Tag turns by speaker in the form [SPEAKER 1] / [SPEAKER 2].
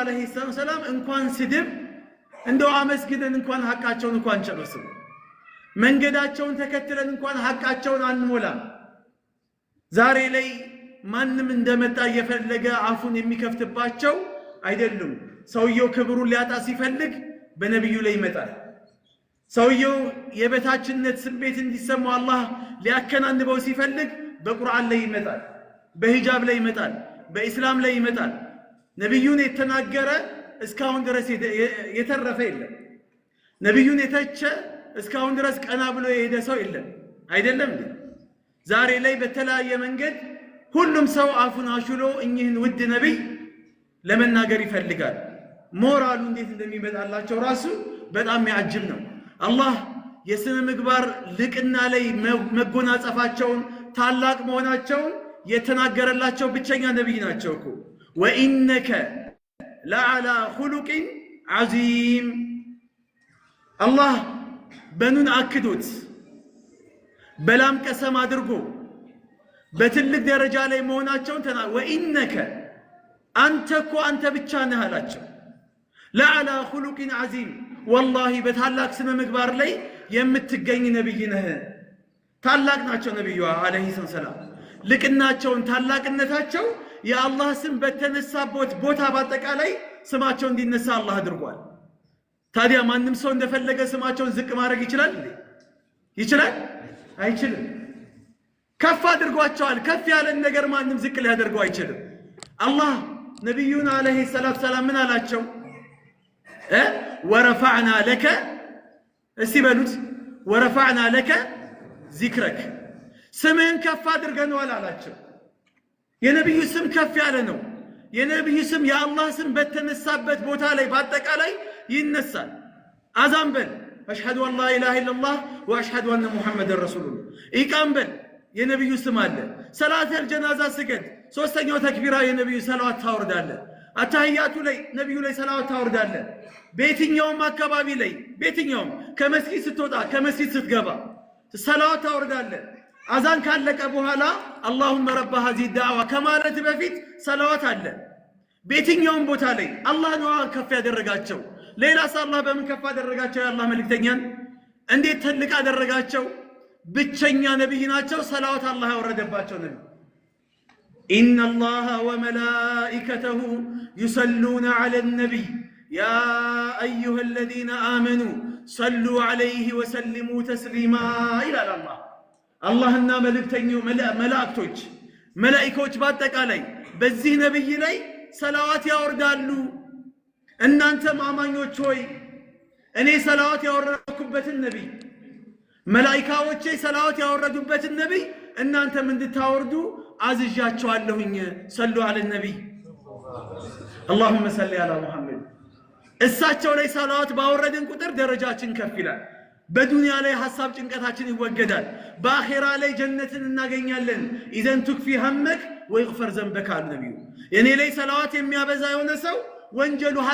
[SPEAKER 1] ዓለይሂ ሰላም እንኳን ስድብ እንደው አመስግነን እንኳን ሐቃቸውን እንኳን ጨርስም መንገዳቸውን ተከትለን እንኳን ሐቃቸውን አንሞላም። ዛሬ ላይ ማንም እንደመጣ እየፈለገ አፉን የሚከፍትባቸው አይደሉም። ሰውየው ክብሩን ሊያጣ ሲፈልግ በነቢዩ ላይ ይመጣል። ሰውየው የበታችነት ስሜት እንዲሰማው አላህ ሊያከናንበው ሲፈልግ በቁርአን ላይ ይመጣል፣ በሂጃብ ላይ ይመጣል፣ በኢስላም ላይ ይመጣል። ነቢዩን የተናገረ እስካሁን ድረስ የተረፈ የለም። ነቢዩን የተቸ እስካሁን ድረስ ቀና ብሎ የሄደ ሰው የለም። አይደለም እንዴ? ዛሬ ላይ በተለያየ መንገድ ሁሉም ሰው አፉን አሹሎ እኚህን ውድ ነቢይ ለመናገር ይፈልጋል። ሞራሉ እንዴት እንደሚመጣላቸው ራሱ በጣም የሚያጅብ ነው። አላህ የስነ ምግባር ልቅና ላይ መጎናጸፋቸውን ታላቅ መሆናቸውን የተናገረላቸው ብቸኛ ነቢይ ናቸው እኮ ወኢነከ ለዓላ ሁሉቅን ዓዚም አላህ በኑን አክዶት በላም ቀሰም አድርጎ በትልቅ ደረጃ ላይ መሆናቸውን ተና ወኢነከ አንተ እኮ አንተ ብቻ ነህ አላቸው። ለዓላ ሁሉቅን ዓዚም ወላሂ በታላቅ ስነ ምግባር ላይ የምትገኝ ነቢይ ነህ። ታላቅ ናቸው ነቢዩ ዓለይሂ ሰላም ልቅናቸውን ታላቅነታቸው የአላህ ስም በተነሳበት ቦታ በአጠቃላይ ስማቸው እንዲነሳ አላህ አድርጓል። ታዲያ ማንም ሰው እንደፈለገ ስማቸውን ዝቅ ማድረግ ይችላል ይችላል? አይችልም። ከፍ አድርጓቸዋል። ከፍ ያለን ነገር ማንም ዝቅ ሊያደርገው አይችልም። አላህ ነቢዩን አለይሂ ሰላት ሰላም ምን አላቸው? ወረፋዕና ለከ እስቲ በሉት ወረፋዕና ለከ ዚክረክ ስምህን ከፍ አድርገነዋል አላቸው። የነቢዩ ስም ከፍ ያለ ነው። የነቢዩ ስም የአላህ ስም በተነሳበት ቦታ ላይ በአጠቃላይ ይነሳል። አዛን በል አሽሐዱ አን ላ ኢላሃ ኢለላህ ወአሽሀዱ አነ ረሱሉላህ። ኢቃም በል የነቢዩ ስም አለ። ሰላተል ጀናዛ ስገድ። ሶስተኛው ተክቢራ የነቢዩ ሰላዋት ታወርዳለ። አታህያቱ ላይ ነቢዩ ላይ ሰላዋት ታወርዳለ። በየትኛውም አካባቢ ላይ በየትኛውም ከመስጊድ ስትወጣ ከመስጊድ ስትገባ ሰላዋት ታወርዳለ። አዛን ካለቀ በኋላ አላሁመ ረባ ሀዚህ ዳዕዋ ከማለት በፊት ሰላዋት አለ። በየትኛውም ቦታ ላይ አላህ ነው ከፍ ያደረጋቸው። ሌላስ አላህ በምን ከፍ አደረጋቸው? የአላህ መልክተኛን? እንዴት ትልቅ አደረጋቸው? ብቸኛ ነቢይ ናቸው። ሰላዋት አላህ ያወረደባቸው ነቢይ ኢነ አላህ ወመላኢከተሁ ዩሰሉነ ዐለ ነቢይ ያ አዩሃ አለዚነ አመኑ ሰሉ ዐለይህ ወሰሊሙ ተስሊማ ይላል አላህ አላህና መልእክተኛው መላእክቶች መላኢካዎች በአጠቃላይ በዚህ ነብይ ላይ ሰላዋት ያወርዳሉ። እናንተም አማኞች ሆይ እኔ ሰላዋት ያወረድኩበትን ነቢይ መላኢካዎቼ ሰላዋት ያወረዱበትን ነቢይ እናንተም እንድታወርዱ አዝዣቸዋለሁኝ። ሰሉ አለ ነቢይ አላሁመ ሰሊ አላ ሙሐመድ። እሳቸው ላይ ሰላዋት ባወረድን ቁጥር ደረጃችን ከፍ ይላል። በዱንያ ላይ ሀሳብ ጭንቀታችን ይወገዳል። በአኼራ ላይ ጀነትን እናገኛለን። ኢዘን ቱክፊ ሀመክ ወይቅፈር ዘንበክ አሉ ነቢዩ። እኔ ላይ ሰላዋት የሚያበዛ የሆነ ሰው ወንጀሉ